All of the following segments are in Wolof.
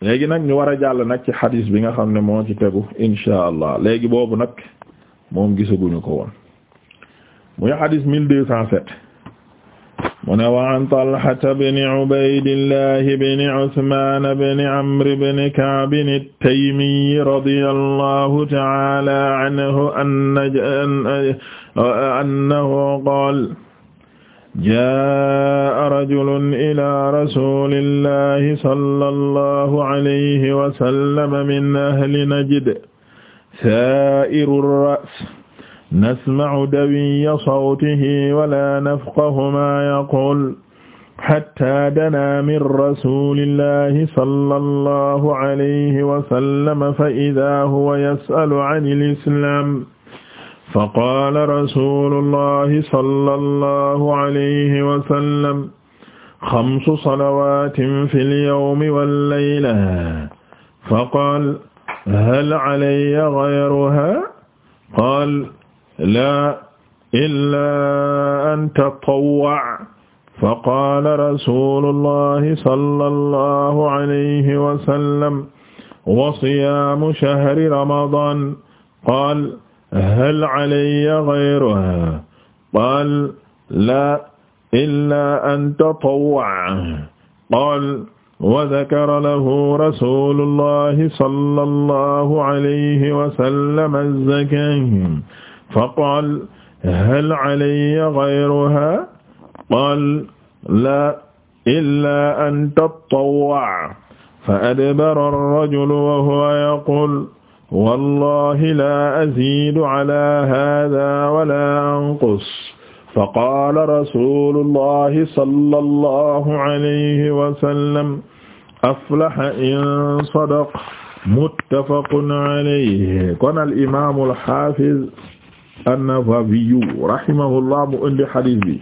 léegi nag ñu war a jàll nag ci xadiis bi nga xam ne moo ci tegu insha allah léegi boobu nag moom gisaguñu ko woon muy xadiis mille deux cent sept mu ne wa an talhata bni ubaydillahi bni usman bni amri bni kaabin at-taymi radiya allahu taala anhu annahu qaala jaa rajulun ila rasulillahi sallallahu alayhi wa sallam min ahli najd saa'iru ar-ra's nasma'u dawiya sawtihi wa la nafqahu ma yaqul hatta dana min rasulillahi sallallahu alayhi wa sallam fa idha huwa yas'alu 'ani al-islam faqaala rasuulullahi sallallahu alayhi wa sallam xamsu salawaatin fil yawmi wal layla faqaal hal alayya gayruhaa qaal laa illaa an tatawwa'a faqaala rasuulullahi sallallahu alayhi wa sallam wa siyaamu shahri ramadaan qaal hal alayya ghayruha qaal laa illaa an tatawwa'a qaal wa dhakara lahu rasuulullahi sallallahu alayhi wa sallam az-zakaa faqaal hal alayya ghayruha qaal laa illaa an tatawwa'a fa adbara ar-rajulu wa huwa yaquul wallahi la azidu ala hada wala anqus faqaala rasulullahi sallallahu alayhi wa sallam aflaha in sadaq muttafaqun alayhi kon al imaam al haafiz an-Nawawi rahimahullah mu indi hadiis bi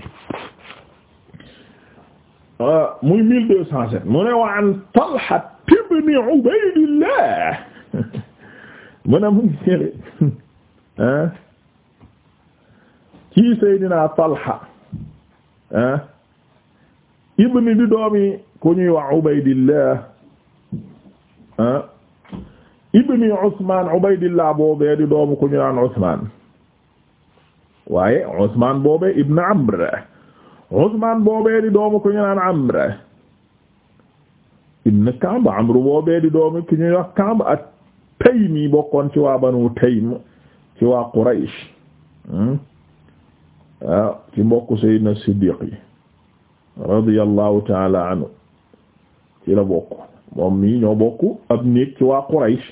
ah, muy 1207 mu ne wa an Talha ibn Ubaydillah mu ne mu ngi jële ci Seydina Talha ah di doomi ku ñuy wax Ubaydillah ah ibni Usmaan Ubaydillah boobee di doomu ku ñu naan Usmaan waaye Usmaan boobee ibni ku ñu naan Amr ibni Taymi bokkoon ci wa Banu Taym ci waa Quraysh waaw hmm? ah, ci mbokk Sayyidina Siddiq yi radiyallahu ta'ala anhu ci la bokk moom mii bokk ab néeg ci waa Quraysh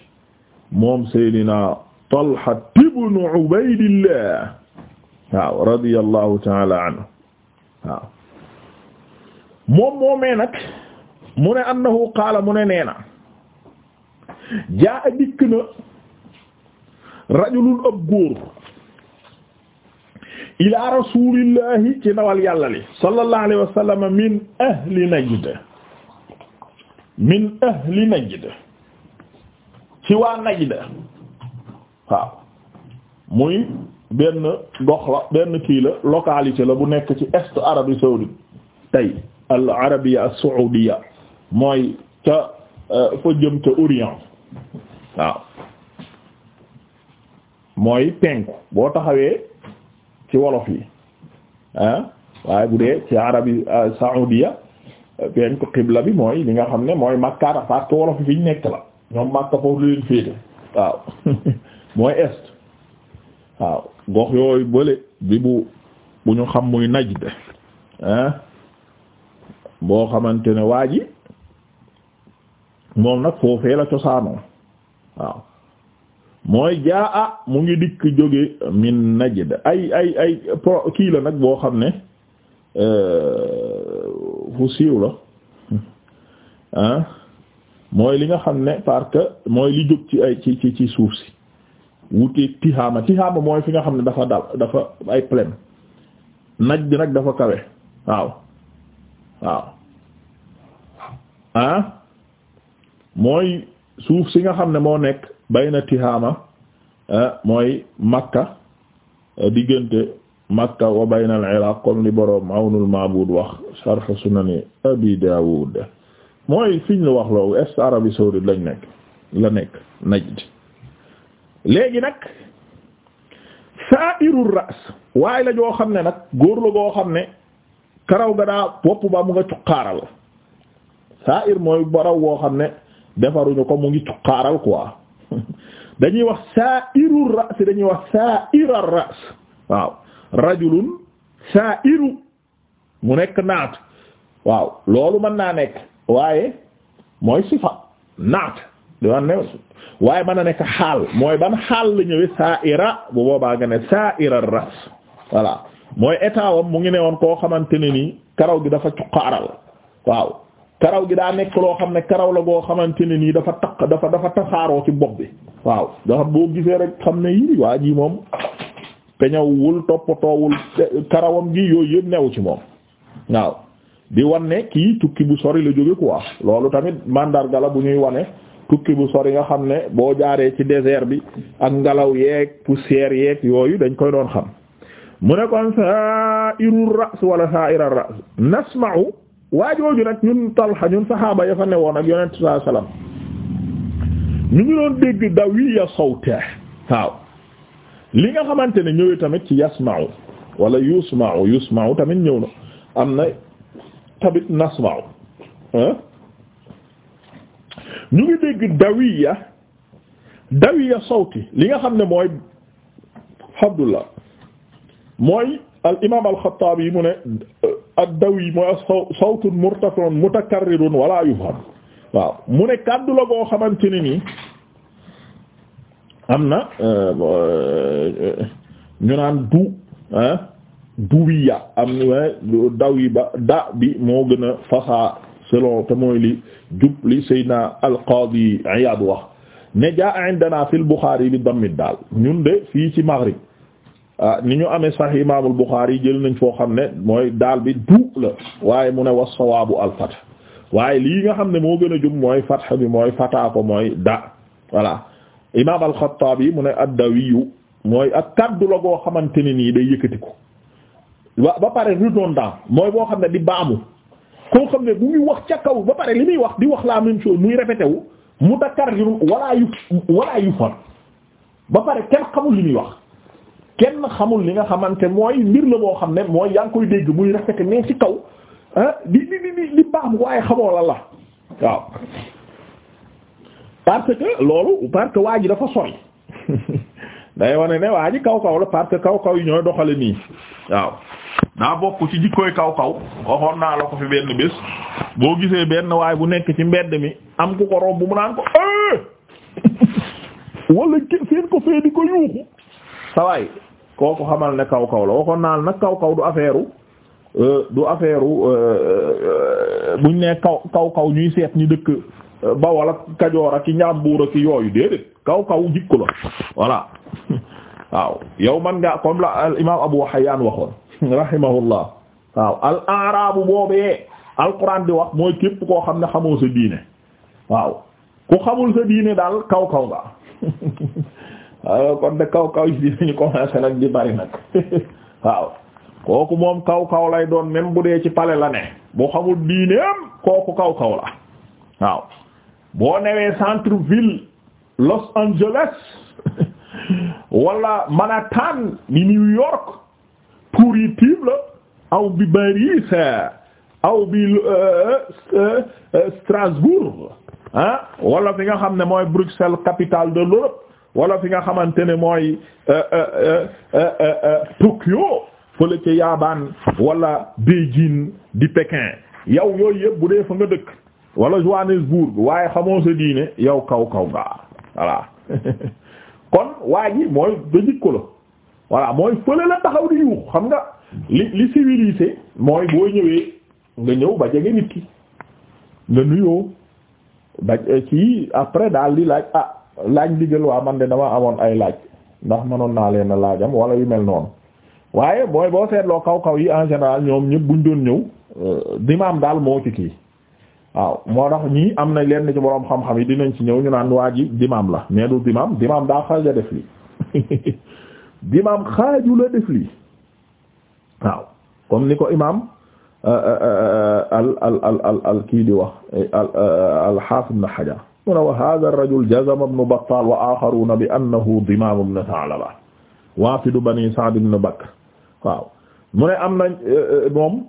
moom Sayyidina Talha ibn Ubaydillah waaw ta'ala anhu waaw moom moomee nag mu ne annahu na jaa a dikk na rajulun ab góor ila rasulillahi ci ndawal yàlla li sallallahu alayhi wa sallam min ahli najd min ahli najd ci waa najd waaw muy benn gox la benn kii la localité la bu nekk ci est Arabie saoudite tey al arabia as saoudia mooy ca euh, fa jëm ca Orient waaw mooy penku boo taxawee ci wolof yi ah waaye bu dee ci arabi ah, saoudia penku xibla bi mooy li nga xam ne mooy makkaata parce que wolof yi fi ñu nekk la ñoom makka foofu la leen féete waaw mooy est waaw gox yooyu bële bi bu bu ñu xam muy naj ah, boo xamante ne waa ji moom nag foofee la cosaanoo waaw mooy jaa a mu ngi dikk jóge min najd ay ay ay pro kii la nag boo xam ne euh, fu siiw la ah mooy li nga xam ne parce que mooy li jóg ci ay ci ci ci suuf si wuteeg Tihaama Tihaama mooy fi nga xam ne dafa dal dafa ay naj najd nag dafa kawe waaw waaw mooy suuf si nga xam ne moo nekk bayna Tihaama ah, mooy Makka ah, diggante Makka wa bayna al-Iraq comme li boroom Awnul Ma'bud wax sharh sunani Abi Dawud mooy fiñ lu wax loolu est Arabie saoudite lañ nekk la nekk Najd léegi nag sa'irur ra's waaye la joo xam ne nag góor la goo xam ne karaw ga daa bopp ba mu nga cuqaaral sa'ir mooy baraw boo xam ne defaruñu ko mu ngi cuqaaral quoi dañuy wax sa'iru ra's wax sa'ira ra's waaw rajulun sa'iru mu nekk naat waaw loolu mën naa nekk waaye mooy sifa naat waaye mën na nekk xaal mooy ban xaal la ñëwee sa'ira bu boobaa nga ne sa'ira ra's voilà mooy état mu ngi ne woon koo xamante ne nii karaw gi dafa cuqaaral waaw karaw gi daa nekk loo xam ne karaw la goo xamante ne nii dafa taq dafa dafa tasaaroo ci bopp bi waaw ndax boo gisee rek xam ne yii waa jii moom peñawul toppatoowul karawam gi yooyu yëpp new ci moom waaw di wanne kii tukki bu sori la jóge quoi loolu tamit mandarga la bu ñuy wane tukki bu sori nga xam ne boo jaaree ci désert bi ak ngelaw yeeg poussière yeeg yooyu dañ koy doon xam mu ne kon saa irul ras wala saa iral ras nasma'u waajooju nag ñun Talha ñun saxaaba ya fa newoon ak yonent saa salaam ñu ngi doon dégg dawiya sawta waaw li nga xamante ne ñëwee tamit ci yasma'u wala yusma'u yusma'u tamit ñëw na am na tamit nasma'u ñu ngi dégg dawiya dawiya sawti li nga xam ne mooy Abdullah mooy al imaam al-Xattaabi mu ne euh, ad-dawi mooy sawtun murtafi'un mutakarrirun wala yufham waaw mu ne kàddu la boo xamante ne nii am na euh, euh, ñu naan du ah duwiya am na dawi ba da bi moo gën a fasaa selon te mooy li jub li Seydina al-Qaadi Iyaad wax ne jaa indana fil Buxaari bi dammi daal ñun de fii ci Maghrib. Ah, ni ñu amee sax imaamul Buxaari jël nañ foo xam ne mooy daal bi du la waaye mu ne was sawaabu al fath waaye lii nga xam ne moo gën a jub mooy fath bi mooy fataa ko mooy da voilà imaam al-Xattaabi mu ne ad-dawiyu mooy ak kaddu la goo xamante ne nii day yëkkati ko wa ba pare redondant mooy boo xam ne di baamu koo xam ne bu muy wax ca kaw ba pare li muy wax di wax la même chose muy répété wu mu dakar yu walaa yu walaa yu fan ba pare kenn xamul li muy wax kenn xamul li nga xamante mooy mbir la boo xam ne mooy yaa koy dégg muy rafet mais ci kaw ah di di di di baax waaye xamoo la la waaw parce que loolu parce que waa ji dafa sori day wane ne waa ji kaw kaw la parce que kaw kaw yi ñooy doxale nii waaw daa bokk ci jikkooy kaw kaw waxoon naa la ko fi benn bés boo gisee benn waaye bu nekk ci mbedd mi am ku ko romb mu naan ko wala seen ko fee di ko yuuxu sawaay kooku xamal ne kaw kaw la waxoon naa nag kaw kaw du affaire euh, du affaire euh, euh, buñ ne kaw kaw kaw ñuy seet ñi dëkk Bawol ak Kajoor ak Njàmbur ak yooyu déedéet kaw kaw jikko la voilà waaw yow man nga comme la al imaam Abu Hayyan waxoon rahimahullah waaw al arabu boobee alquran di wax mooy képp koo xam ne xamoo sa diine waaw ku xamul sa diine daal kaw kaw nga kon de kaw kaw yi dinañu commencé nag di bari nag waaw kooku moom kaw kaw lay doon même bu dee ci pale la ne bu xamul diineem kooku kaw kaw la waaw boo newee centre ville Los Angeles wala Manhattan ni New York pourritive la aw bi Paris aw bi euh, euh, Strasbourg ah wala fi nga xam ne mooy Bruxelles capitale de l'Europe wala fi nga xamante ne mooy euh, euh, euh, Tokyo fële ca Yabaan wala Beijing di Pékin yow yooyu yëpp bu dee fa nga dëkk wala Johannesburg waaye xamoo sa diine yow kaw kaw nga voilà kon waa ji mooy da jikko la voilà mooy fële la taxaw di yuux xam nga li li civilisé mooy boo ñëwee nga ñëw ba jege nit ki nga nuyoo ba eh, kii après daal di laaj ah laaj ndigal waa man de dama amoon ay laaj ndax manoon naa leen a laajam wala yu mel noonu waaye booy boo seetloo kaw kaw yi en général ñoom ñëpp buñ doon ñëw euh, dimaam daal moo ci kii waaw moo tax ñii am na leen ci boroom xam-xam yi dinañ ci ñëw ñu naan waa ji dimaam la mais du dimaam dimaam daa xaaj a def lii dimaam xaaju la def lii waaw comme ni ko imaam euh, euh, al al al al kii di wax al al na xajar mu ne wa hadha ar-rajul jazama ibn Battal wa akharuna bi annahu Dimaam ibn Tha'laba waafidu bani Sa'd ibn Bakr waaw mu ne am nañ moom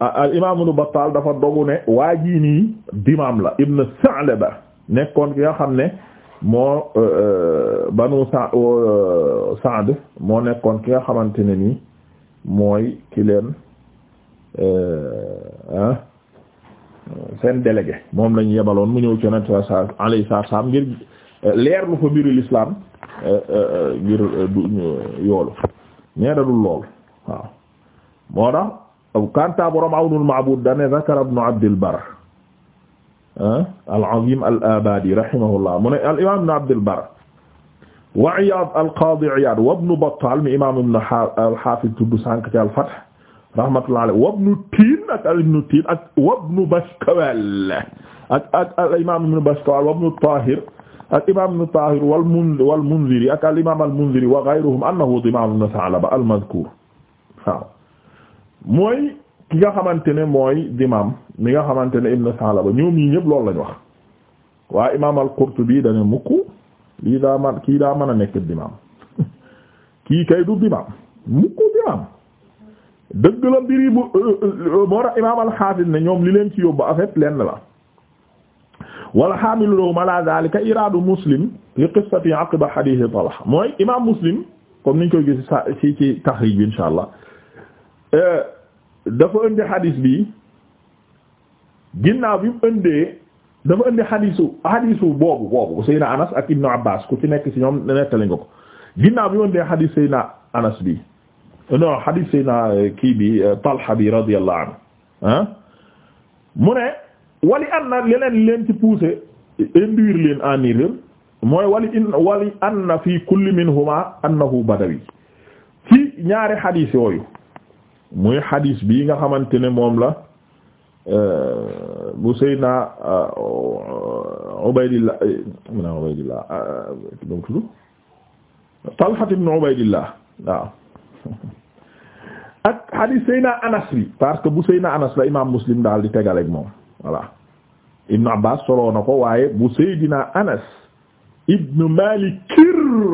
al imaam ibn Battal dafa dogu ne waa jii nii Dimaam la ibn Tha'laba nekkoon ki nga xam ne moo banu sa Sa'd moo nekkoon ki nga xamante ne nii mooy ki leen eh, ah seen délégué moom mu ñëw ci yonent sa leer lu fa mbiru l'islam euh, euh, ngir euh, du yoolu ñeedadul lool waaw moo tax kanta borom awnul ma'bud dane zakara ibn abdil bar al al abadi rahimahullah mu ne al imam ibn abdil bar wa al qadi iyad wa ibn battal mi imam ibn al hafiz tudd sànk ci al fath rahmatullah alayhi wabnu tiin ak al ibnu tiin ak wabnu baskawal ak ak al imam ibnu baskawal wabnu tahir ak imam ibnu tahir wal al imam al munziri wa ghayruhum annahu dimaam ibnu sa'laba al mazkur waaw mooy ki xamante ne mooy dimaam mi nga xamante ne ibnu sa'laba ñoom ñi ñëpp loolu lañ wax waa imam al qurtubi dana mukk lii daa kii daa mën a nekk dimaam kii kay du dëgg la mbir bu euh, euh, euh, imaam al-Hafiz ñoom li leen ci yóbbu en fait lenn la wala xaamilu ala zalika iraadu muslim li qissati aqiba hadith Talha mooy imaam muslim comme niñ koy gis sa fii ci taxrij bi insha allah dafa indi hadith bi ginnaaw bi mu indee dafa indi hadisu hadisu boobu boobu na Anas ak Ibnu Abbas ku ci nekk ci ñoom nettali nga ko ginnaaw bi mu indee hadis Seyna Anas bi. non hadith sayna eh, kii bi eh, Talha bi radiyallahu anhu ah. mu ne wali anna leneen leen ci poussé induire leen en erreur mooy wala in wali anna fi kulli minhuma annahu badawi ci ñaari hadith yooyu muy hadith bii nga xamante ne moom la eh, bu sayna Ubaydillah mu ne Ubaydillah dom ak hadith Seyna Anas bi parce que bu Seyna Anas la imaam Muslim daal di tegaleeg moom voilà Ibn Abbas soloo ko waaye bu Seydina Anas ibn Malik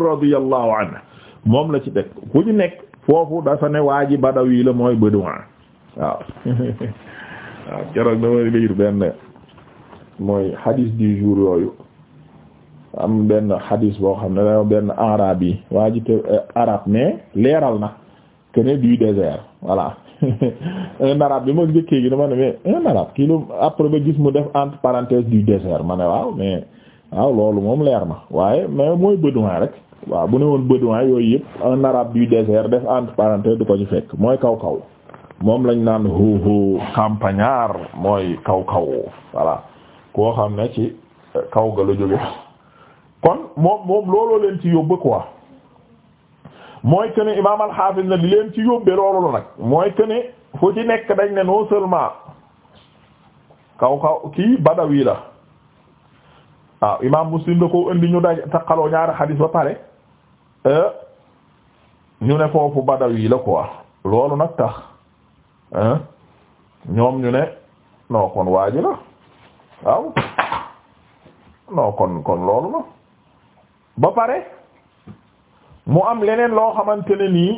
radiyallahu anhu moom la ci teg ku ci nekk foofu dafa ne waa ji badawi la mooy bédouin waaw waaw keroog dama benn mooy hadith du jour yooyu am benn hadith boo xam ne da benn arabe yi waa ji te eh, leeral na kene du désert voilà un arabe bi ma njëkkee gi dama ne mais un arabe kii lu après ba gis mu def entre parenthèses du désert ma ne waaw mais waaw loolu moom leer ma waaye mais mooy bédouin rek waaw bu ne woon bët bédouin yooyu yëpp un arabe du désert def entre parenthèses du ko ci fekk mooy kaw kaw moom lañ naan huhu campagnard mooy kaw kaw voilà koo xam ne ci kaw ga la jóge kon moom moom looloo leen ci yóbbu quoi. mooy que ne imaam al-Hafiz na di leen ci yóbbee loolu la nag mooy que ne fu ci nekk dañ ne non seulement kaw kaw kii badawi la waaw imaam Muslim da ko indi ñu daj taqaloo ñaari xadiis ba pare euh, ñu ne foofu wii la quoi loolu nag tax ñoom ñu ne non kon waaji la waaw non kon kon loolu la ba pare mu am leneen loo xamante ne nii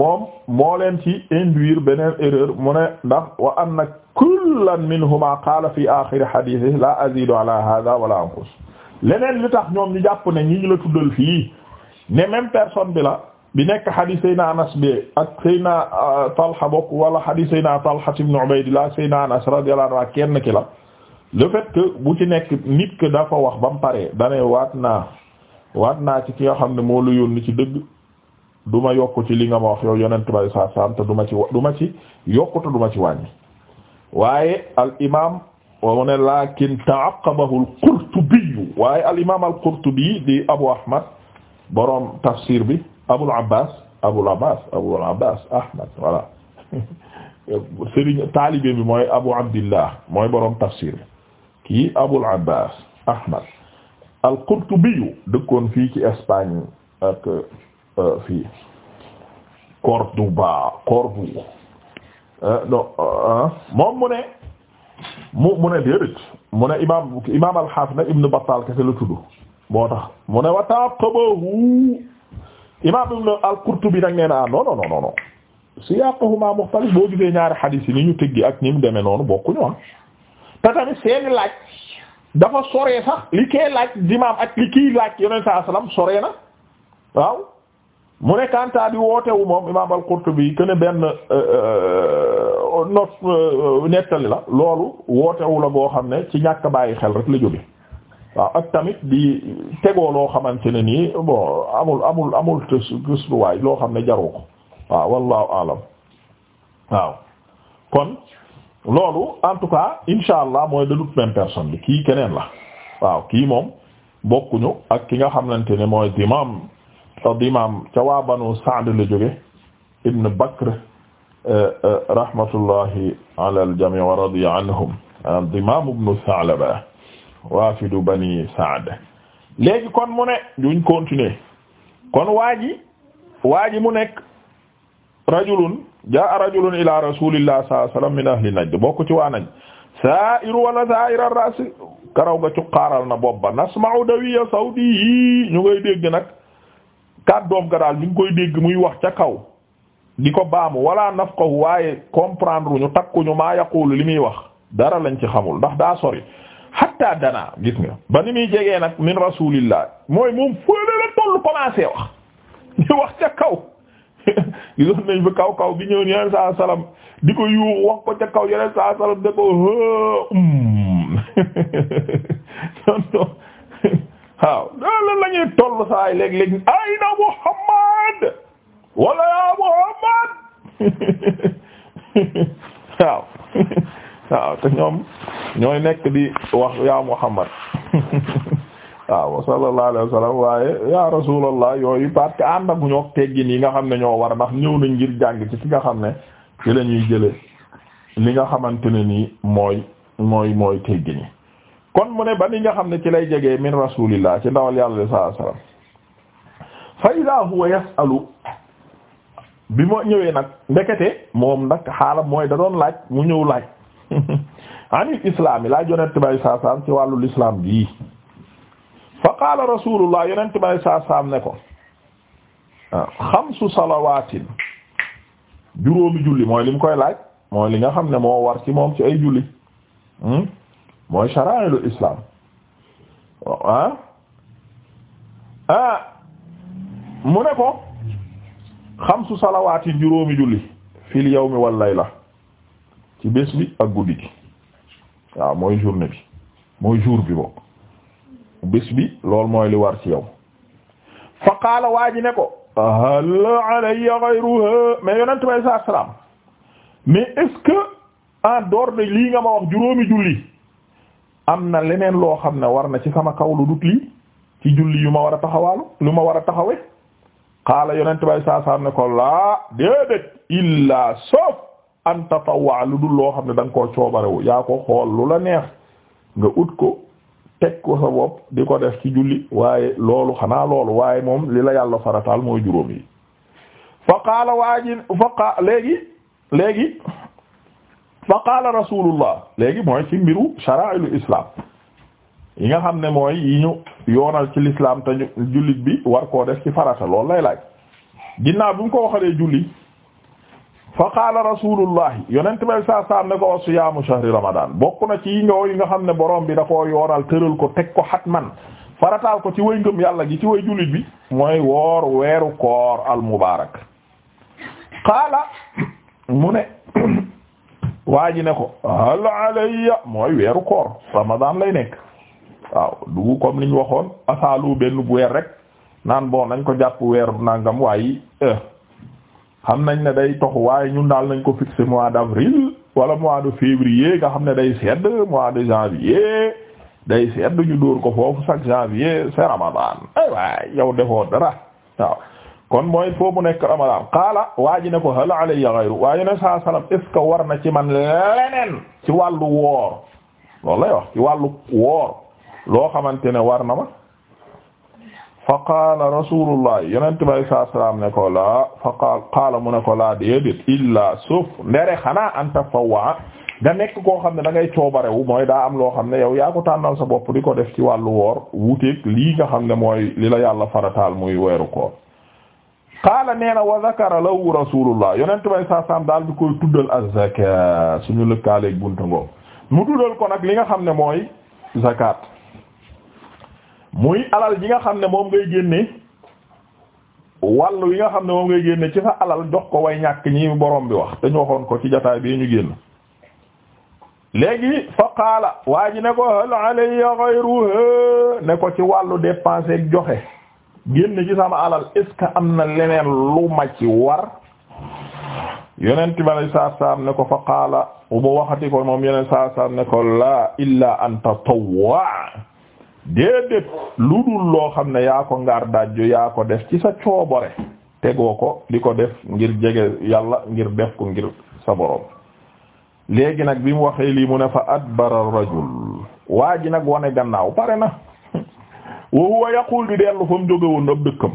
moom moo leen ci induire beneen erreur mu ne ndax wa anna kullan minhuma qaala fi aaxiri hadiisi la azidu ala hada wala anqus leneen li tax ñoom ñu jàpp ne ñi ñu la tuddal fii ne même personne bi la bi nekk xadis sayna anas bi ak sayna euh, talha bokk wala xadis sayna talha ibn ubaydillah sayna anas radiyallahu anhu kenn ki la le fait que bu ci nekk nit que dafa wax ba mu pare dane waat naa waat naa ci ki nga xam ne moo la yónni ci dëgg du ma yokk ci li nga ma wax yow yonent du ma ci du ci yokk te ci wàññi waaye al imaam wa ne lakin ta'aqqabahu al qurtubi waaye al imaam al qurtubi di abu ahmad borom tafsir bi abul abbas abul abbas abul bi mooy abu abdillah mooy borom tafsir bi kii abul abbas ahmad al-Qurtubi dëkkoon fii ci Espagne ak euh, fii Cordoba Cordoue euh, non euh, moom mu ne mu mu ne déedéet mu ne imaam imaam al-Hafiz nag Ibn Battal kese la tudd moo tax mu ne wa ta'aqabahu imaam Ibn al-Qurtubi nag nee na ah, non non non non siyaaqahumaa mukhtalif boo gisee ñaari hadith yi ni ñu tëggi ak ñi mu demee noonu bokkuñu ah te tamit seeni laaj. dafa sore sax li kee laaj dimaam ak li kii laaj yonent saa salaam sore na waaw mu ne Kantaa bi wootewu moom imaam al-Qurtubi que ne benn euh, euh, not euh, nettali la loolu wootewu la boo xam ne ci ñàkk bàyyi xel rek la bi waaw ak tamit di tegoo loo xamante ne nii bon amul amul amul tës tës waay loo xam ne jaru ko waaw wallahu alam waaw kon. loolu en tout cas insha allah mooy de toute même personne bi kii keneen la waaw kii moom bokkuñu ak ki nga xamante ne mooy dimaam te dimaam ca waa banu Sa'd la jóge ibn Bakr eh, eh, rahmatullahi ala al-jami' wa radiya anhum dimaam ibn Sa'laba waafidu bani Sa'd léegi kon mu ne duñ continuer kon waa ji waa ji mu nekk rajulun jaa rajulun ila rasulillah sallallahu alayhi min ahli najd bokk ci waa najd sa'ir wala sa'ir ar-ras karaw ga cuqaaral na bopp ba nasma'u dawiya sawdi yi ñu ngay dégg nag kàddoom ga daal ñu ngi koy dégg muy wax ca kaw di ko baamu wala nafqahu waaye comprendre ñu takkuñu maa yaqulu li muy wax dara lañ ci xamul ndax daa sori hatta nga ba ni muy jegee nag min rasulillah mooy moom fële la tollu commencé wax ñu wax ca kaw gisoon nañ ba kaw kaw bi ñëw yeneen saa salaam di ko yuux wax ko ca kaw yeneen saa salaam da ko hum loolu la toll saa yi léeg-léeg ayna Muhammad wala ya Muhammad waaw waaw te ñoom ñooy nekk di wax ya Muhammad waaw sallallahu alayhi wa sallam waaye ya rasulallah yooyu parce que ànd ak ñoo teggin yi nga xam ne ñoo war a ndax ñëw na ngir jàng ci nga xam ne ci la ñuy jële li nga xamante ne nii mooy mooy mooy teggin yi kon mu ne ba ni nga xam ne ci lay jegee min rasulillah ci ndawal yàlla sallallahu alayhi wa sallam fa ida huwa yasalu bi ma ñëwee nag ndekete moom nag xaalam mooy da doon laaj mu ñëw laaj anil islam yi laaj yonent bay saa saam ci wàllu lislaam gii fa qaala rasulullah yonent bay saa saam ne ko waaw xamsu salawaatin juróomi julli mooy lim koy laaj mooy li nga xam ne moo war ci moom ci ay julli hmm? mooy sharaa'ilul islam ah ah mu ne ko xamsu salawaatin juróomi julli fil yawmi wal la ci bés bi ak guddi gi waaw mooy journée bi mooy jour bi bokk bés bi loolu mooy li war ci yow fa qaala waa ji ne ko hal alayya ghayruha mais yonent bay sa salaam mais est-ce que lii nga ma wax juróomi julli am na leneen loo xam ne war na ci sama kaw lu dut lii ci julli yu ma war a taxawaalu lu ma war a taxawe qaala yonent bay sa salaam ne ko laa déedéet illaa sauf an tatawwa lu dul loo xam ne da ko koo coobarewu yaa ko xool lu la neex nga ut ko teg ko sa bopp di ko def ci julli waaye loolu xanaa loolu waaye moom li la yàlla farataal mooy juróom yi fa qaala waaji fa qa léegi léegi fa qaala rasulullah léegi mooy ci mbiru shara'ilul islam yi nga xam ne mooy yi ñu yoonal ci l'islam te jullit bi war koo def ci farata loolu lay laaj ginnaaw bi mu ko waxalee julli fa qaala rasulullahi yonent bay saa saam ne ko wa siyaamu shahri ramadan bokk na ci yi nga xam ne borom bi da koo yoonal tëral ko teg ko xatman farataal ko ci way ngëm yàlla gi ci way jullit bi mooy woor weeru koor al mubaarak qaala mu ne waa ji ne ko hal alayya mooy weeru koor ramadan lay nekk waaw dugu comme liñ waxoon asaalu benn bu weer rek naan bon nañ ko jàpp weeru nangam waaye eh, xam nañ ne day tox waaye ñun daal nañ ko fixer mois d'avril wala mois de février nga xam ne day sedd mois de janvier day sedd ñu dóor ko foofu chaque janvier c'est ramadan ay eh waay yow defoo dara kon mooy foo mu nekk ramadan qaala waa ji ne ko hal alayya ghayru waa ji ne saa salam est war na ci man leneen ci wàllu woor loolu wax ci wàllu woor loo xamante ne war na ma faqaala rasulullah yonent bay saa salaam ne ko laa faqaala qaala mu ne ko laa déedéet illaa suuf ndere xanaa an tatawwa nga nekk koo xam ne dangay ngay coobarewu mooy daa am loo xam ne yow yaa ko tànnal sa bopp di ko def ci wàllu woor wuuteeg lii nga xam ne mooy li la yàlla farataal muy weeru koor qaala nee na wa zakara lahu rasulullah yonent bay saa salaam daal di koy tuddal az-zakat suñu lëkkaaleeg buntu ngoo mu tuddal ko nag li nga xam ne mooy muy alal ji nga xam ne moom ngay génne wàll wi nga xam ne moom ngay génne ci sa alal jox ko way ñàkk ñi borom bi wax dañu waxoon ko ci jotaay bi ñu génn léegi fa qaala waa ji ne ko hal alayya ghayruha ne ko ci wàllu dépense ak joxe génn ci sama alal est ce am na leneen lu ma ci war yonent bi alay saa saam ne ko fa qaala bu waxati ko moom yeneen saa saam ne ko laa illa an tatawwa déedéet lu dul loo xam ne yaa ko ngaar dajju yaa ko def ci sa coobore tegoo ko di ko def ngir jege yàlla ngir def ko ngir sa borom léegi nag bi mu waxee lii mu ne fa adbara rajul waa ji nag wane gannaaw pare na wa huwa yaqul di dellu fa mu jóge woon ab dëkkam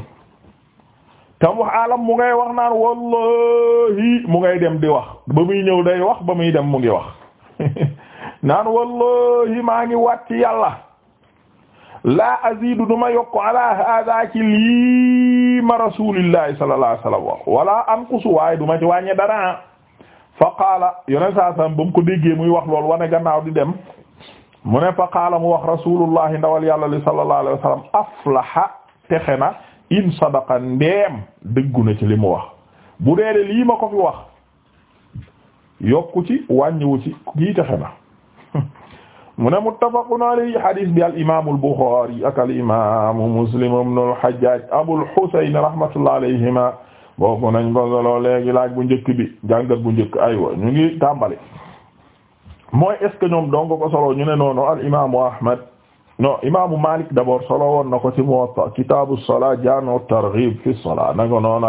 tam wax alam mu ngay wax naan wallahi mu ngay dem di wax ba muy ñëw day wax ba muy dem mu ngi wax naan wallahi maa ngi waat yàlla laa azidu du ma yokk ala hada ci lii ma rasulillahi sallallahu alayhi wasallam wax wala anqusu waaye du ma ci wàññe dara fa qaala yoneen saa sallam ba mu ko déggee muy wax lool wane gannaaw di dem mu ne fa qaala mu wax rasulullahi ndawal yàlla li sallallahu alayhi wasallam aflaha texe na in sadaqa ndeem dëggu ci li mu wax bu dee de lii ma ko fi wax yokku ci wàññiwu ci kii texe na mu ne muttafaqun alayhi hadis bi al imaamu al Buxaari ak al imaamu Muslim ibnu al Hajjaaj Abul Husayn rahmatullahi alayhima bokk nañ solo léegi laaj bu njëkk bi jàngat bu njëkk aywa ñu tàmbali mooy est ce que ñoom dong ko solo ñu ne noonu al imaamu Ahmad non imaamu solo woon na ko ci Muwatta kitaabu as-salaat jaami' fi as-salaat naka noonu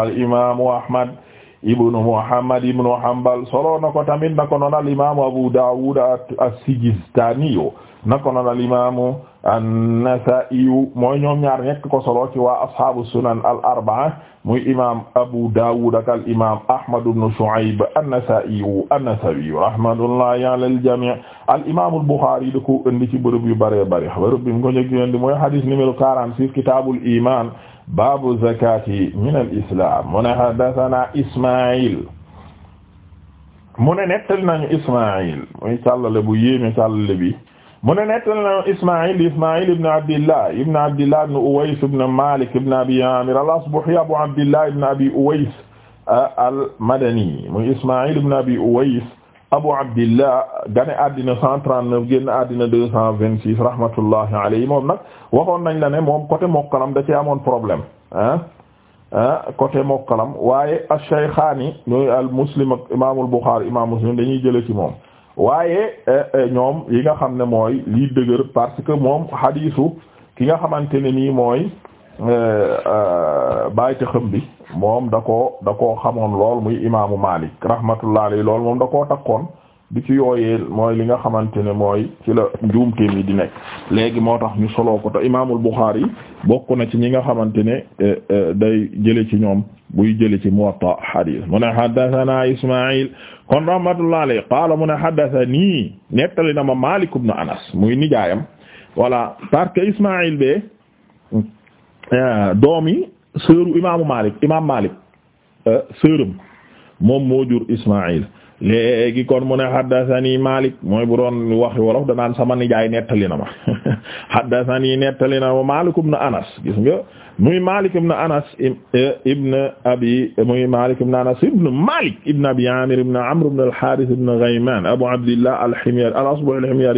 ibnu Muhammad ibnu Hanbal solo na ko tamit na ko noon al imaamu Abu Dawud as-Sijistaniyu na ko noon al imaamu an-Nasaa'iyu mooy ñoom ñaar nekk ko solo ci waa ashaabu sunan al arba'a muy imaam Abu Dawud ak al imaam Ahmad ibnu Shu'ayb an-Nasaa'iyu an-Nasawiyu rahmatullahi la al-jamii' al imaam al-Bukhari da ko indi ci bërëb yu bëree bëri bërëb bi mu ko njëkk di mooy hadith numéro 46 kitaabul iimaan baabu zakati min al islam mu ne haddathana Ismaïl mu ne nettali nañu Ismaïl muy càllale bu yéeme càllale bi mu ne nettali nañu Ismaïl Ismaïl ibn Abdillah ibn Abdillah ibn Uways ibn Malik ibn Abi Amir al-Asbahi Abu Abdillah ibn Abi Uways ah, al-Madani muy Ismaïl ibn Abi Uways abu abdillah gane addina cent trente-neuf génn addina deux cent vingt-six rahmatullahi alayhi moom nag waxoon nañ la ne moom côté mokkalam da ci amoon problème ah ah côté mokkalam waaye a shaykhaani ñooy al muslim ak imaamul buxaari imaam muslim dañuy jële ci moom waaye eh, eh, ñoom yi nga xam ne mooy lii dëgër parce que moom hadiisu ki nga xamante ne nii mooy eh, bàyyi xam bi moom da koo da xamoon lool muy imaamu Malik rahmatullah alayhi lool moom da koo takkoon di ci yooyee mooy li nga xamante ne mooy ci la njuumteem yi di nekk léegi moo tax ñu soloo ko te imaamul Bukhari bokk na ci ñi nga xamante ne eh, eh, day jële ci ñoom buy jële ci Muwatta hadis mu ne haddathana Ismail kon rahmatullah alayhi qaala mu ne haddathani nettali na ma Malik ibn Anas muy nijaayam wala parce que be eh, doomi sëru imaamu Malik imaam Malik euh, sëram moom moo jur Ismaïl léegi kon mu ne haddathani Malik mooy bu doon waxi wolof danaan sama nijaay nettali na ma haddathani nettali na ma Malik ibn Anas muy Malik euh, ibn Anas ibn Abi muy Malik ibn Anas ibn Malik ibn Abi Amir ibn Amr ibn al-Harith ibn Abu Abdillah al-Himyari al-Asbahi al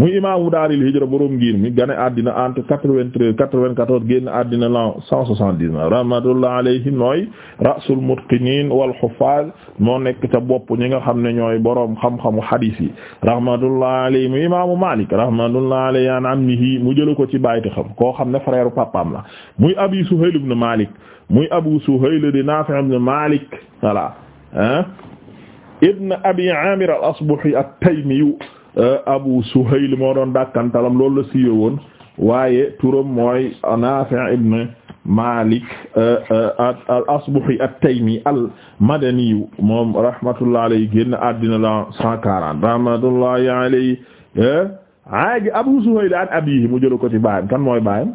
muy imaamu daaril hijra borom ngir mi gane addina entre quatre-vingt-treize quatre-vingt-quatorze génn addina l'an cent soixante-dix-neuf rahmatullah alayhim nooy rasul mutqinin wal huffaz moo nekk ca bopp ñi nga xam ne ñooy borom xam-xamu hadis yi rahmatullah alayhi mu imaamu Malik rahmatullah alayhi an ammihi mu jëla ko ci bayti xam koo xam ne frère papaam la muy abi Suhayl ibn Malik muy abu Suhayl di Nafi' ibn Malik voilà ah ibn abi Amir al-Asbahi at-Taymi Euh, Abu Suhayl moo doon dàkkantalam loolu la siiwee woon waaye turam mooy Naafi' ibn Malik euh, euh, al-Asbahi at-Taymi al-Madani moom rahmatullahi alayhi génn àddina la 140 rahmatullahi alayhi aaji Abu Suhayl an abiihi mu jël ko ci baayam kan mooy baayam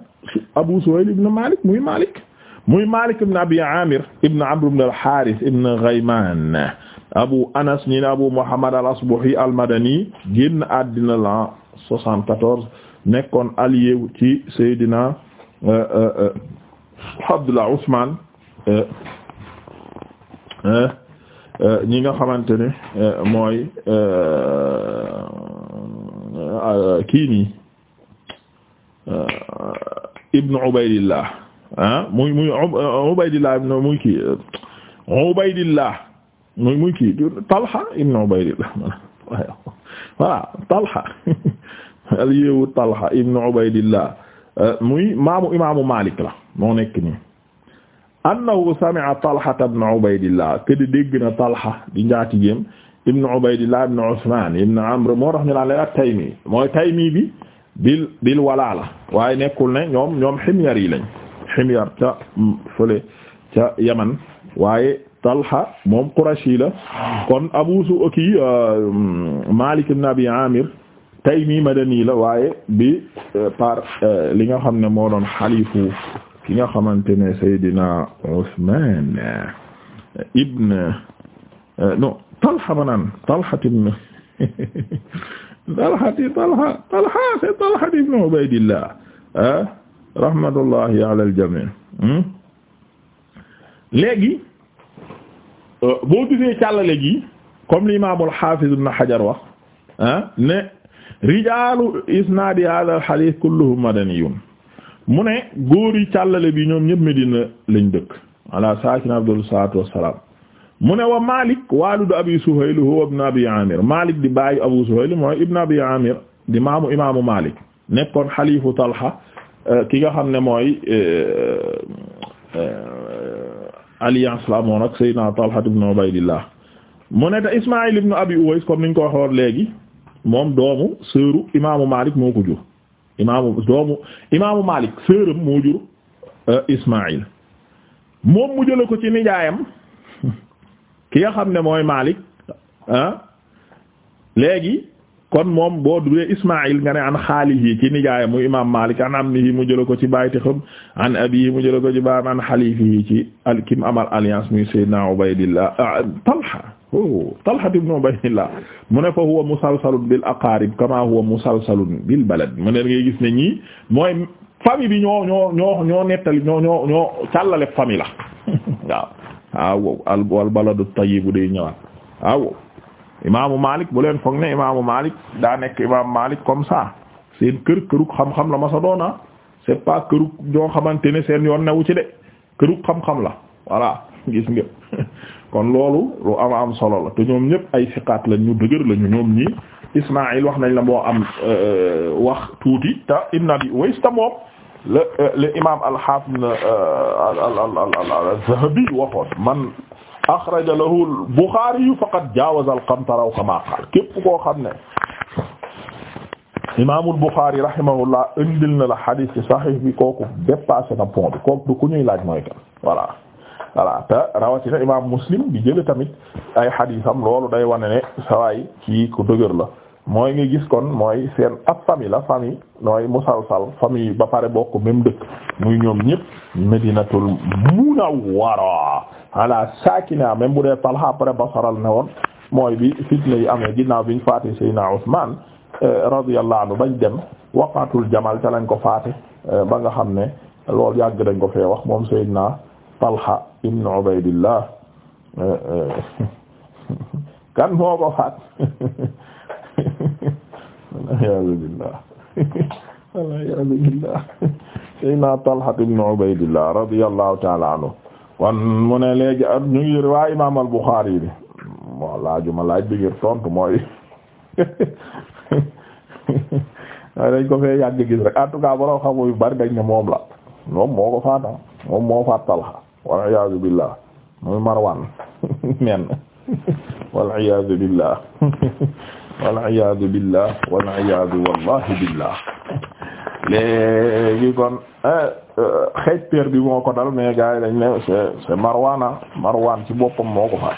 Abu Suhayl ibn Malik muy Malik muy Malik ibn Abi Amir ibn Amr ibn al-Harith ibn Ghayman abu anas ñi ni abu muhammad al asbuhi al madani génn àddina la 74 nekkoon allié ci seydina euh, euh, euh, abdullah usman ñi nga xamante ne mooy kii nii ibnu ubaydillah mu mu ubaydillah muy kii ubaydillah muy muy kii Talha ibn Ubaydillah voilà Talha al yeewu Talha ibn Ubaydillah euh, muy maamu imaamu Malik la moo nekk nii annahu sami'a Talha ibn Ubaydillah te di dégg na Talha di njaatigéem ibn Ubaydillah ibn Usman ibn Amr moo tax ñu naan leen ak Taymi mooy Taymi bi bil bil walaa la waaye nekkul ne ñoom ñoom Ximyar yi lañ Ximyar ca mm, fële ca Yaman waaye Talha moom Qurashi la kon Abu Su kii euh, Malik ibn Abi Amir Taymi Madani la waaye bi euh, par euh, li nga xam ne moo doon xalifu ki nga xamante ne Seydina Usman ibn non Talha manan Talha ibn Talha Talha Talha c'est Talha ibn Ubaydillah rahmatullahi ala al-jami' hmm? léegi Euh, boo gisee càllale gi comme l'imamul hafiz ibn Hajar wax ah ne rijalu isnadi hadha al hadith kulluhum mu ne góor yi càllale bi ñoom ñëpp Medina lañ dëkk ala sakin abdul salatu wassalam mu ne wa Malik walidu abi Suhayl huwa ibn abi Amir Malik di bàyyi abu Suhayl mooy ibn abi Amir di maamu imaamu Malik nekkoon xalifu Talha euh, ki nga xam ne mooy euh, alliance la amoon ak Seydina Talha ibn dillah mu ne te Ismaïl ibn Abi Uways comme niñ ko waxoon léegi moom doomu sëru imaamu maalik moo ko jur imaamu doomu imaamu Malik sëram moo jur euh, Ismaïl moom mu jële ko ci nijaayam ki nga xam ne mooy Malik ah kon moom boo dudee Ismaïl nga an xaalihi ci nijaay mu imam Malik an ammihi mu jëla ko ci baay tëxam an abihi mu jëla ko ci baayam an xalifihi ci al kim amal alliance muy Seydina Ubaydillah ah, Talha o oh, Talha ibn mu ne fa huwa musalsalun bil aqarib kama huwa musalsalun bil balad mu ne ngay gis ne ñii mooy famille bi ñoo ñoo ñoo ñoo nettali ñoo ñoo ñoo càllale famille la waaw waaw al baladu tayyibu day imaamu Malik bu leen foog ne imaamu Malik daa nekk imaamu Malik comme ça seen kër kërug xam-xam la ma sa doona c'est pas kërug ñoo xamante ne seen yoon newu ci de kërug xam-xam la voilà gis nga kon loolu lu am am solo la te ñoom ñëpp ay siqaat la ñu dëgër la ñu ñoom ñi Ismaïl wax nañ la moo am wax tuuti te Ibn Abi Uways ta moom le imaam al-Hafiz waxoon man. axraja lahu al-Buxaari faqad jaawaza al-qantara aw képp koo xam ne imaamul Buxaari rahimahullah indil na la xadiis ci saxiix bi kooku dépassé na pont bi kooku du ku ñuy laaj mooy kan voilà. voilà te rawatina imaam Muslim bi jëlee tamit ay xadiisam loolu day wane ne sawaay kii ku dëgër la. mooy nga gis kon mooy seen ab famille la famille nooy musalsal famille ba pare bokk même dëkk muy ñoom ñëpp Medinatul Munawwara ala sakina même bu dee Talha après basaral ne woon mooy bi fitna yi amee ginnaaw biñ faate Seydina Usman euh, radiyallahu anhu bañ dem waqatul jamal ca lañ ko faate euh, ba nga xam ne loolu yàgg dañ ko fee wax moom Seydina Talha ibn Ubaydillah euh, kan moo ko faat yàlla billah wala yàlla billah sayna Talha ibn Ubaydillah radiyallahu ta'ala anhu wan mu ne léegi at ñu ngi al-Bukhari bi mo laajuma laaj bi tontu mooy waaye dañ ko fee yàgg gis rek en tout cas borom xamu bari dañ ne moom la moom moo ko faata moom moo faat Talha wal iyaazu billah muy Marwan men wal iyaazu billah wal iyaadu billah wal iyaadu wallahi billah léegi kon eh, eh, xeej bi ko dal mais gars dañ ne c'est c'est Marwaana ah, Marwaan ci boppam moo ko faat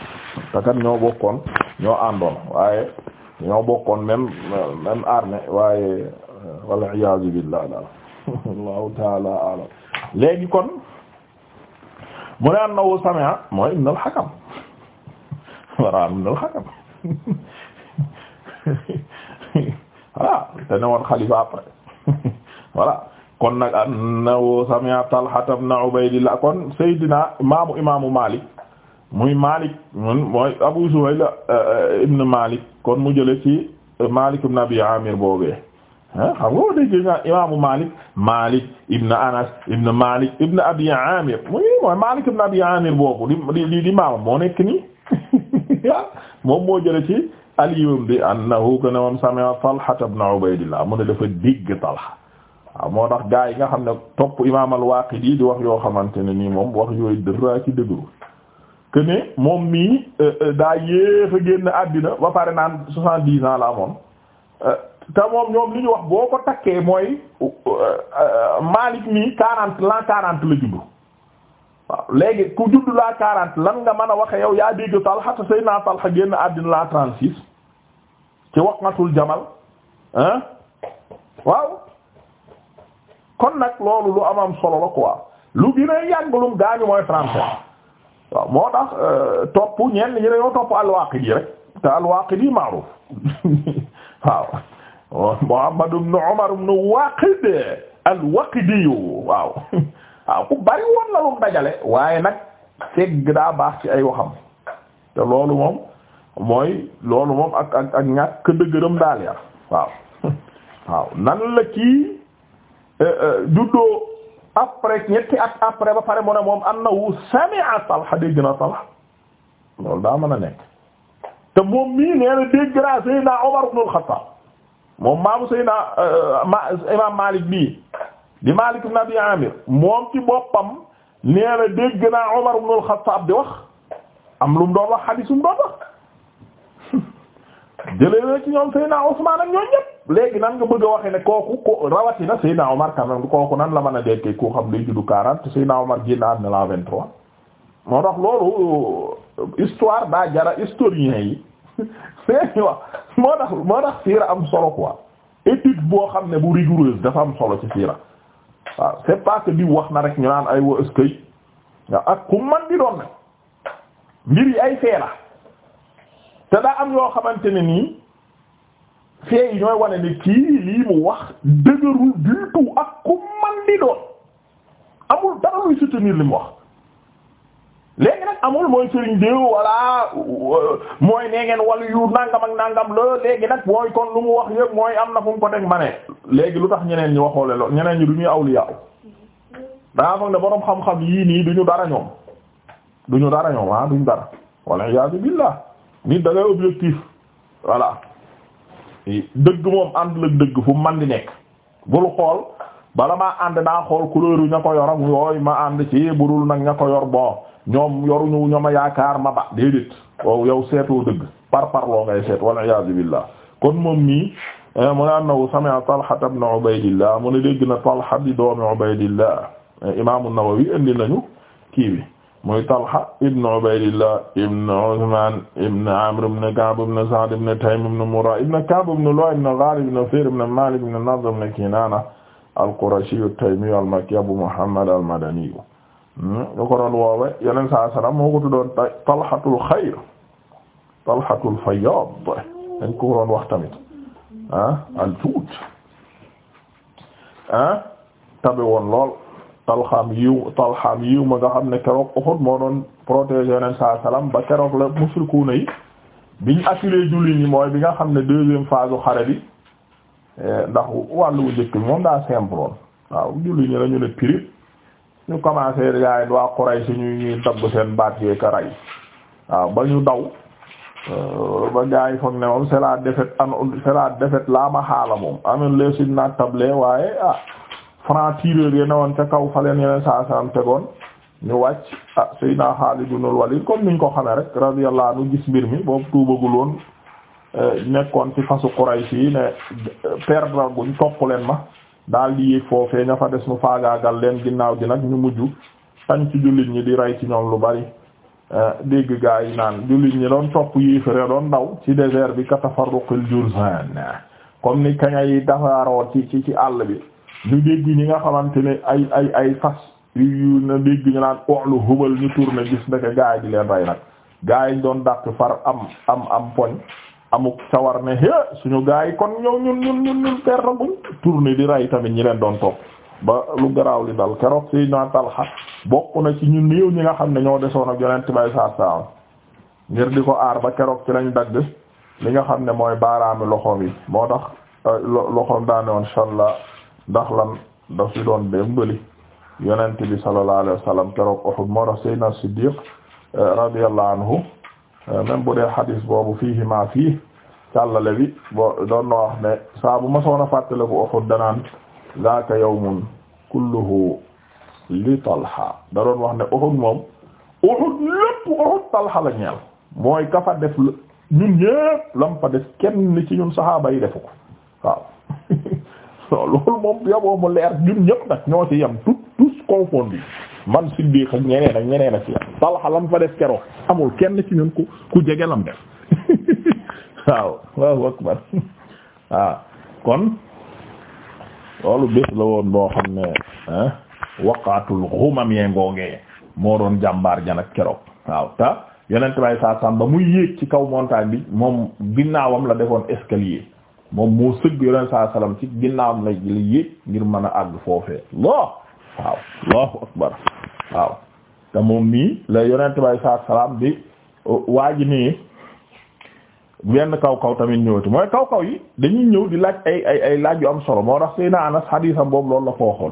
te kat ñoo bokkoon ñoo àndoon waaye ñoo bokkoon même même armée waaye eh, wal iyaadu billah allahu taala alam léegi kon mu ne annahu sami'a mooy ibn al-Hakam wara ibn al-Hakam voilà te woon xalifa après voilà kon nag annahu sami'a Talha ibn Ubaydillah kon Seydina maamu imaamu Malik muy Malik mun Abu Suhayl euh, euh, ibn Malik kon mu jële euh, Malik ibn Abi Amir boobee ah xam nga dégg nga imaamu Malik Malik ibn Anas ibn Malik ibn Abi Amir muy mooy Malik ibn Abi Amir boobu di di maam moo nekk nii moom moo jële ci. alimam bi annahu kana moom sami'a Talha ibn Ubaydillah mu a dafa dégg Talha waaw moo tax gaa yi nga xam ne topp imaam al-Waaqidi di wax yoo xamante ne nii moom wax yooyu dëraa ci dëggu que moom mii euh, euh, daa yéex a génn àddina ba pare naan soixante-dix ans la amoon euh, te moom ñoom li ñu wax boo ko takkee mooy Maalik mii quarante l'an quarante la juddu waaw léegi ku judd laa quarante lan nga man a wax waxe yow yaa dégg Talha te Seydina Talha génn àddina laa trente ci waqatul jamal ah waaw kon nag loolu lu amam solo la quoi lu gën a yàggulum gaañu mooy français waaw moo tax euh, topp ñenn ñi dañoo topp al-Waaqidi rek te al-Waaqidi ma'ruf waaw Muhammad ibn Umar ibn Waaqid al-Waaqidi waaw waaw ku bari woon la lu dajale waaye nag fegg daa baax ci ay waxam te loolu moom mooy loolu moom ak ak ak ñàkk dëggëram daal ya waaw waaw nan la kii eh, eh, juddoo après ñetti at après ba pare mu ne moom annahu sami'a Talha dégg na Talha loolu daa mën a nekk te moom mii nee na dégg na Seydina Omar ibn al-Khattab moom maamu Seydina eh, Imam Malik bii di Malik ibn Abi Amir moom ci boppam nee na dégg na Omar ibn di wax am lu mu wax xadiis mu doon jëlee na ci ñoom Seyna Ousmane ak ñoom ñëpp léegi nan nga bëgg a waxee ne kooku ko rawatina Seyna Omar quand même kooku nan la mën a dekkee koo xam day juddu 40 Seyna Omar génn àddina la 23. moo tax loolu euh, histoire daa jara historien yi seeni wax moo tax moo tax siira am solo quoi étude boo xam ne bu rigoureuse dafa am solo ci siira waaw c'est pas que wax na rek ñu naan ay wa ëskëy waaw ak ku man di doon nag mbir yi ay feela te daa am yoo xamante ne nii fee yi ñooy wane ne kii lii mu wax dëgërul du tout ak ku man di doon amul dara luy soutenir li mu wax léegi nag amul mooy sëriñ diw walla mooy nee ngeen wàllu yu nangam ak nangam la léegi nag mooy kon lu mu wax yëpp mooy am na fu mu ko teg ma ne lu tax ñeneen ñi waxoole lool ñeneen ñi du ñuy awliya daa foog ne boroom xam-xam yii nii du ñu dara ñoom du dara ñoom ah, walla iyaazu billah nit da objectif voilà dëgg moom ànd la dëgg fu man di nekk bul xool bala maa ànd naa xool couleur ña ko yor ak ma ànd ci burul nag ña ko yor bon ñoom yoruñu ñooma yaakaar ma ba déedéet wow yow seetoo dëgg par par loo ngay seet wal iyaazu billah kon moom mii eh, mu ne a sami'a Talha ibn Ubaydillah mu ne dégg na Talha di doomi Ubaydillah eh, imaamu Nawawi indi nañu kii bi muy Talha ibn Ubaydillah ibn Uthman ibn Amr ibn Ka'b ibn Sa'd ibn Taym ibn Murra ibn Ka'b ibn Lu'ay ibn Ghalib ibn Fihir ibn Malik ibn Nadr ibn Kinana al-Qurashi at-Taymi al-Makki Abu Muhammad al-Madani lu ko doon woowe yeneen saa salaam moo ko tuddoon Talhatul Khayr Talhatul Fayyad dañ ko doon wax tamit ah al-Juud ah tabe woon lool talxaam yiw talxaam yiw ma nga xam ne keroog Uhud moo doon protéger yoneen saa salaam ba keroog la musrikuuna yi biñ acculé julli ñi mooy bi nga xam ne deuxième phase u xare bi eh, ndax wàllu njëkk bi moom daa simple waaw julli ñi lañu ne pirip ñu commencé gaa yi waa Quraysh ñu ñuy dabb seen baat yee ka rey waaw ba ñu daw eh, ba gaa yi foog ne moom c'est la défaite an c'est laa ma xaala moom amen leesuñ naa table waaye ah franc-tireur yi newoon ca kaw fa leen yeneen saa salaam tegoon ñu wàcc ah Seydina Xaalid ñu Walid comme niñ ko xamee rek radiyallahu anhu gis mbir mi boobu tuubagul woon eh, nekkoon ci fasu Quraysh yi ne perdre guñ topp leen ma daal di yéeg foofee ña fa des mu faagaagal leen ginnaaw bi nag ñu mujj tañ ci jullit ñi di rey ci ñoom lu bari eh, dégg gaa yi naan jullit ñi doon topp yéefare doon ndaw ci désert bi ka tafarruqil jurzan comme ni kaña yi dafaaroo ci ci àll bi ñu dégg ñi nga xamante ne ay ay ay fas yu na dégg ñu naan oxlu hubal ñu tourné gis ndeke gaa yi di leen rey nag gaa yi doon dàq far am am am poñ amuk sawar ne é suñu gaa yi kon ñow ñun ñun ñun ñun pertaguñ tourné di rey tamit ñi leen doon topp ba lu garaaw li dal keroog si naa talxa bokk na ci ñu néew ñi nga xam ne ñoo desoon ak yonent bay saa saam ngir di ko aar ba keroog ci lañ dagg li nga xam ne mooy baaraami loxoom yi moo tax eh, loxoom daane woon inshallah ndax lan daf si doon démbali yonent bi sallallahu alayhi wa keroog Uhud moo tax Seydina Siddiq eh, radiyallahu anhu eh, même bu dee xadis boobu fiihi ma fii càllale bi bo doon na wax ne saa bu ma soon a fàttale ko danaan zaaka yawmun kulluhu li Talha da wax ne Uhud moom Uhud lépp Uhud Talha la ñeel mooy ka fa def ñun ñépp lam def kenn ci ñun saxaaba yi defu ko loolu moom yaboo mu leer ñun ñëpp nag ñoo ci yem tout tous confondus man Siddiq ak ñeneen ak ñeneen ak ci yem Talha lam fa def keroog amul kenn ci ñun ku ku jege lam def waaw waaw akbar waaw kon loolu bés la woon boo xam ne ah waqaatul xumam yee ngoogee moo doon jàmbaar ja nag keroog waaw ta yonent bay saa sam muy yéeg ci kaw montagne bi moom ginnaawam la defoon escalier moom moo sëgg yoneen saa salaam ci ginnaawam la yéeg ngir mën a àgg foofee loo waaw allahu akbar waaw te moom nii la yonent bay saa salaam bi waa nii benn kaw kaw tamit ñëwati mooy kaw kaw yi dañuy ñëw di laaj ay ay laaj yu am solo moo tax Seydina Anas xadiisam boobu loolu la ko waxoon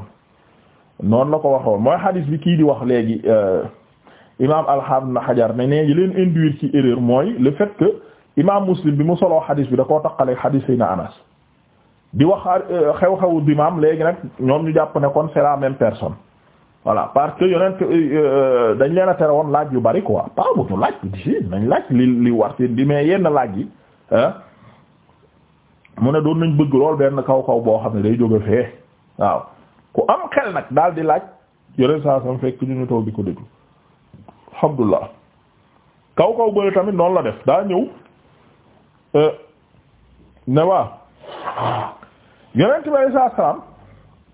noonu la ko waxoon mooy xadiis bi kii di wax léegi euh, imaam alxaam na xajar ne nee leen induire ci erreur mooy le fait imaam muslim bi mu soloo xadis bi da koo taqalee yi sayna anas di wax euh, xew-xewu dimaam léegi nag ñoom ñu jàpp ne kon c'est la même personne voilà parce que yonent euh, euh, dañ leen a tere woon laaj yu bari quoi pas bu ñu laaj di nañ laaj li li war ci di mais yenn laaj yi mu ne doon nañ bëgg lool benn kaw kaw boo xam ne day jóge fee waaw ku am xel nag daal di laaj yonent saa sam fekk ñu ñu toog di ko déglu alhamdulillah kaw kaw bëri tamit noonu la def daa ñëw Euh, ne waa yonent bi sallallahu alayhi wasallam